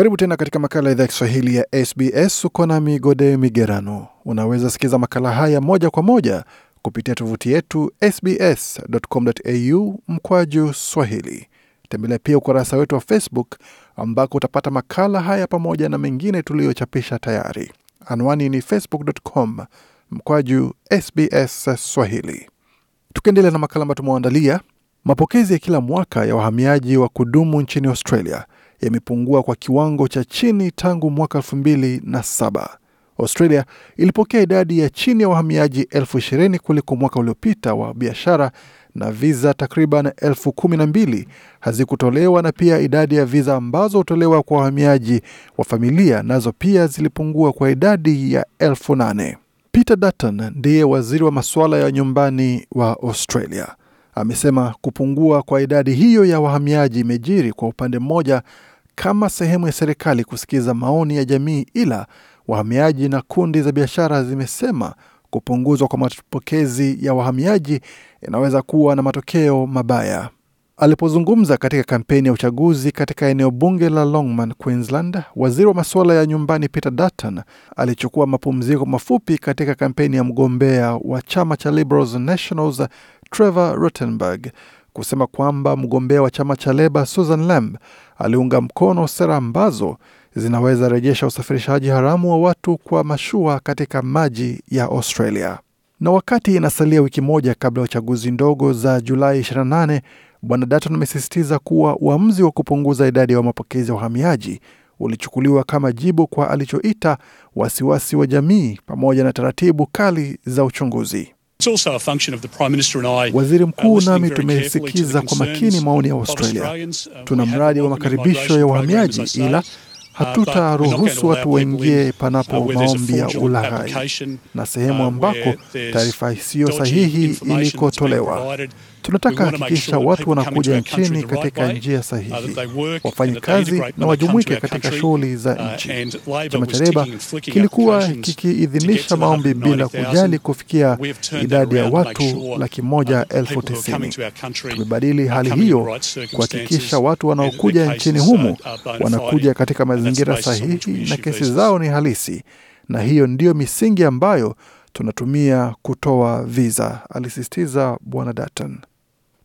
Karibu tena katika makala ya idhaa ya Kiswahili ya SBS. Uko na Gode Migerano. Unaweza sikiza makala haya moja kwa moja kupitia tovuti yetu sbs.com.au mkwaju swahili. Tembelea pia ukurasa wetu wa Facebook ambako utapata makala haya pamoja na mengine tuliyochapisha tayari. Anwani ni facebook.com mkwaju SBS swahili. Tukiendelea na makala ambayo tumeandalia, mapokezi ya kila mwaka ya wahamiaji wa kudumu nchini Australia yamepungua kwa kiwango cha chini tangu mwaka saba. Australia ilipokea idadi ya chini ya wahamiaji elfu ishirini kuliko mwaka uliopita wa biashara, na viza takriban elfu kumi na mbili hazikutolewa na pia idadi ya viza ambazo hutolewa kwa wahamiaji wa familia nazo pia zilipungua kwa idadi ya elfu nane. Peter Dutton ndiye waziri wa masuala ya nyumbani wa Australia amesema kupungua kwa idadi hiyo ya wahamiaji imejiri kwa upande mmoja kama sehemu ya serikali kusikiza maoni ya jamii, ila wahamiaji na kundi za biashara zimesema kupunguzwa kwa mapokezi ya wahamiaji inaweza kuwa na matokeo mabaya. Alipozungumza katika kampeni ya uchaguzi katika eneo bunge la Longman, Queensland, waziri wa masuala ya nyumbani Peter Dutton alichukua mapumziko mafupi katika kampeni ya mgombea wa chama cha Liberals Nationals Trevor Ruttenberg kusema kwamba mgombea wa chama cha Leba Susan Lamb aliunga mkono sera ambazo zinaweza rejesha usafirishaji haramu wa watu kwa mashua katika maji ya Australia. Na wakati inasalia wiki moja kabla ya uchaguzi ndogo za Julai 28, Bwana Dutton amesisitiza kuwa uamuzi wa kupunguza idadi ya wa mapokezi ya uhamiaji ulichukuliwa kama jibu kwa alichoita wasiwasi wa jamii pamoja na taratibu kali za uchunguzi. Uh, Waziri mkuu nami tumesikiza kwa makini maoni ya Australia. Uh, Tuna mradi wa makaribisho ya wahamiaji, ila Hatutaruhusu watu waingie panapo maombi ya ulaghai na sehemu um, ambako taarifa isiyo sahihi ilikotolewa. Tunataka hakikisha watu wanakuja nchini katika njia uh, sahihi, wafanye kazi na wajumuike katika shughuli za uh, nchi. Chama cha Leba kilikuwa kikiidhinisha maombi bila kujali kufikia idadi ya watu uh, laki moja elfu tisini. Tumebadili hali hiyo kuhakikisha watu wanaokuja nchini humo wanakuja katika mazingira sahihi na kesi zao ni halisi, na hiyo ndiyo misingi ambayo tunatumia kutoa viza, alisisitiza Bwana Dutton.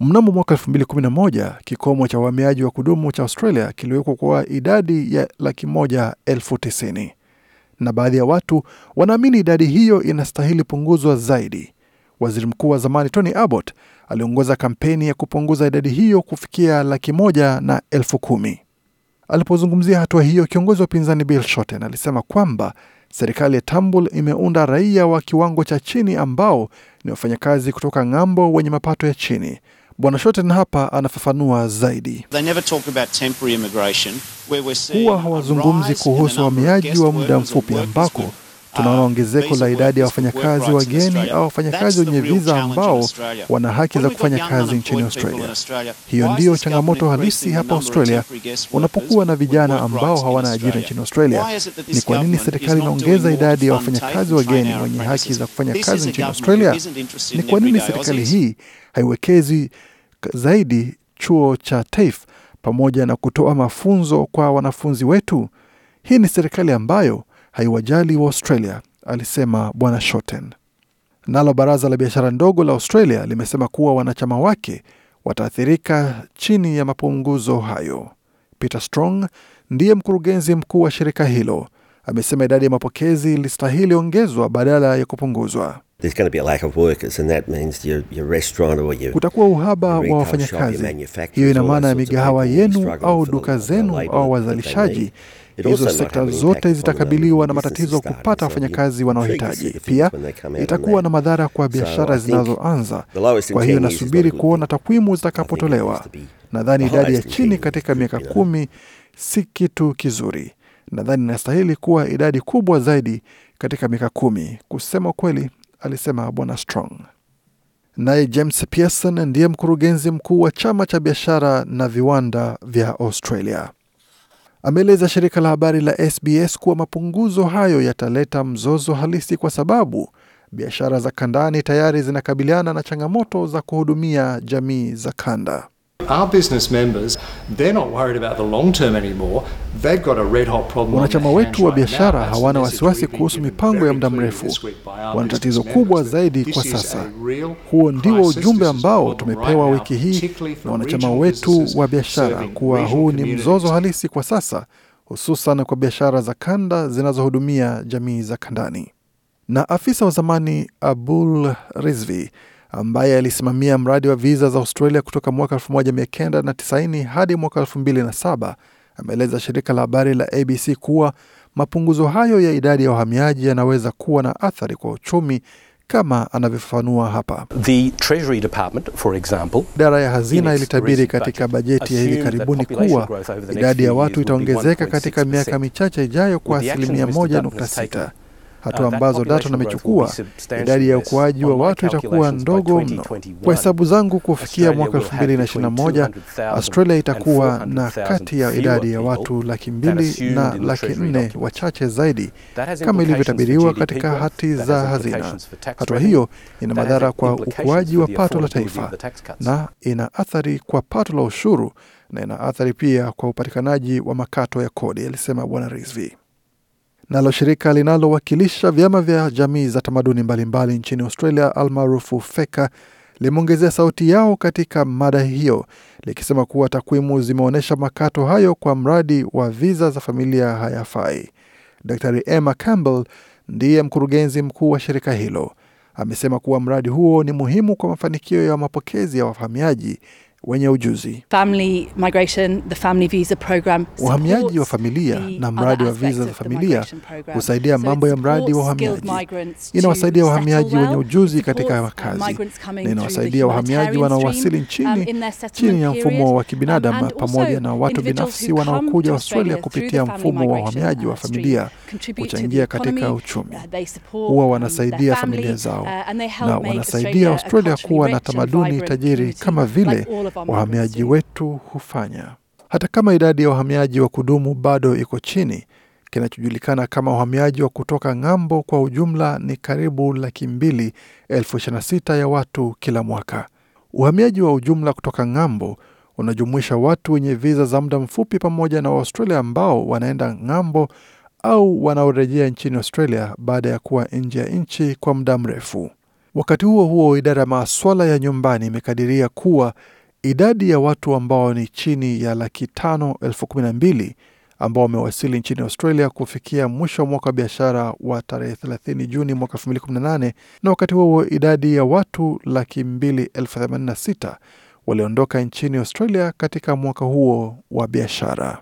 Mnamo mwaka 2011 kikomo cha uhamiaji wa kudumu cha Australia kiliwekwa kwa idadi ya laki moja elfu tisini na baadhi ya watu wanaamini idadi hiyo inastahili punguzwa zaidi. Waziri mkuu wa zamani Tony Abbott aliongoza kampeni ya kupunguza idadi hiyo kufikia laki moja na elfu kumi. Alipozungumzia hatua hiyo, kiongozi wa upinzani Bill Shorten alisema kwamba serikali ya Tambul imeunda raia wa kiwango cha chini ambao ni wafanyakazi kutoka ng'ambo wenye mapato ya chini. Bwana Shorten hapa anafafanua zaidi. Huwa hawazungumzi kuhusu wahamiaji wa muda mfupi ambako Tunaona ah, ongezeko la idadi ya wafanyakazi wageni au wafanyakazi wenye viza ambao wana haki za kufanya kazi nchini Australia. Hiyo ndiyo changamoto halisi hapa Australia. Unapokuwa na vijana ambao hawana ajira nchini Australia, ni kwa nini serikali inaongeza idadi ya wafanyakazi wageni wenye haki za kufanya kazi nchini Australia? Ni kwa nini serikali hii haiwekezi zaidi chuo cha TAFE pamoja na kutoa mafunzo kwa wanafunzi wetu? Hii ni serikali ambayo haiwajali wa Australia, alisema Bwana Shoten. Nalo baraza la biashara ndogo la Australia limesema kuwa wanachama wake wataathirika chini ya mapunguzo hayo. Peter Strong ndiye mkurugenzi mkuu wa shirika hilo, amesema idadi ya mapokezi ilistahili ongezwa badala ya kupunguzwa. Kutakuwa uhaba wa wafanyakazi, hiyo ina maana ya migahawa yenu au duka zenu au wazalishaji Hizo sekta zote zitakabiliwa na matatizo kupata wafanyakazi wanaohitaji. Pia itakuwa na madhara kwa biashara zinazoanza. Kwa hiyo nasubiri kuona takwimu zitakapotolewa. Nadhani idadi ya chini katika miaka kumi si kitu kizuri. Nadhani inastahili kuwa idadi kubwa zaidi katika miaka kumi, kusema kweli, alisema Bwana Strong. Naye James Pearson ndiye mkurugenzi mkuu wa chama cha biashara na viwanda vya Australia. Ameeleza shirika la habari la SBS kuwa mapunguzo hayo yataleta mzozo halisi kwa sababu biashara za kandani tayari zinakabiliana na changamoto za kuhudumia jamii za kanda. Wanachama wetu wa biashara hawana wasiwasi kuhusu mipango ya muda mrefu, wana tatizo kubwa zaidi kwa sasa. Huo ndio ujumbe ambao tumepewa wiki hii na wanachama wetu wa biashara, kuwa huu ni mzozo halisi kwa sasa, hususan kwa biashara za kanda zinazohudumia jamii za kandani. Na afisa wa zamani Abul Rizvi ambaye alisimamia mradi wa viza za Australia kutoka mwaka 1990 hadi mwaka 2007 ameeleza shirika la habari la ABC kuwa mapunguzo hayo ya idadi ya wahamiaji yanaweza kuwa na athari kwa uchumi kama anavyofafanua hapa. The Treasury Department, for example, idara ya hazina ilitabiri katika bajeti ya hivi karibuni kuwa idadi ya watu itaongezeka katika miaka michache ijayo kwa asilimia 1.6 hatua uh, ambazo Dalton amechukua, idadi ya ukuaji wa watu itakuwa ndogo mno. Kwa hesabu zangu, kufikia mwaka moja Australia itakuwa na kati ya idadi ya watu laki mbili na laki nne wachache zaidi kama ilivyotabiriwa katika hati za hazina. Hatua hiyo ina madhara kwa ukuaji wa pato la taifa na ina athari kwa pato la ushuru na ina athari pia kwa upatikanaji wa makato ya kodi, alisema Bwana Rizvi. Nalo shirika linalowakilisha vyama vya jamii za tamaduni mbalimbali nchini Australia almaarufu FECA limeongezea sauti yao katika mada hiyo likisema kuwa takwimu zimeonyesha makato hayo kwa mradi wa viza za familia hayafai. dr Emma Campbell ndiye mkurugenzi mkuu wa shirika hilo. Amesema kuwa mradi huo ni muhimu kwa mafanikio ya mapokezi ya wahamiaji wenye ujuzi. Family migration, the family visa program, uhamiaji wa familia na mradi wa viza za familia husaidia mambo ya mradi wa uhamiaji. Inawasaidia wahamiaji wenye ujuzi katika makazi na inawasaidia wahamiaji wanaowasili nchini um, chini ya mfumo wa kibinadamu, um, pamoja na watu binafsi wanaokuja Australia kupitia mfumo wa uhamiaji um, wa familia kuchangia katika uchumi. Uh, Huwa wanasaidia familia zao uh, na wanasaidia Australia kuwa na tamaduni tajiri kama vile wahamiaji wetu hufanya. Hata kama idadi ya wahamiaji wa kudumu bado iko chini, kinachojulikana kama wahamiaji wa kutoka ng'ambo kwa ujumla ni karibu laki mbili elfu ishirini na sita ya watu kila mwaka. Uhamiaji wa ujumla kutoka ng'ambo unajumuisha watu wenye viza za muda mfupi pamoja na Waaustralia ambao wanaenda ng'ambo au wanaorejea nchini Australia baada ya kuwa nje ya nchi kwa muda mrefu. Wakati huo huo, idara ya maswala ya nyumbani imekadiria kuwa Idadi ya watu ambao ni chini ya laki tano elfu kumi na mbili ambao wamewasili nchini Australia kufikia mwisho wa mwaka wa biashara wa tarehe 30 Juni mwaka 2018, na wakati huo idadi ya watu laki mbili elfu themanini na sita waliondoka nchini Australia katika mwaka huo wa biashara.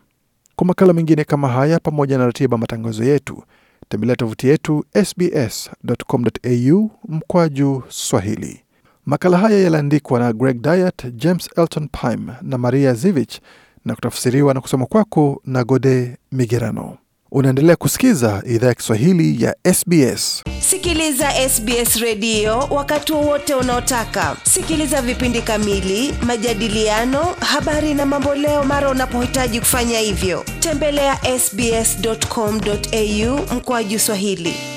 Kwa makala mengine kama haya pamoja na ratiba matangazo yetu tembelea tovuti yetu sbs.com.au mkwaju Swahili. Makala haya yaliandikwa na Greg Diet, James Elton Pime na Maria Zivich na kutafsiriwa na kusoma kwako na Gode Migerano. Unaendelea kusikiza idhaa ya Kiswahili ya SBS. Sikiliza SBS redio wakati wowote unaotaka. Sikiliza vipindi kamili, majadiliano, habari na mamboleo mara unapohitaji kufanya hivyo. Tembelea ya sbs.com.au mkoaji Swahili.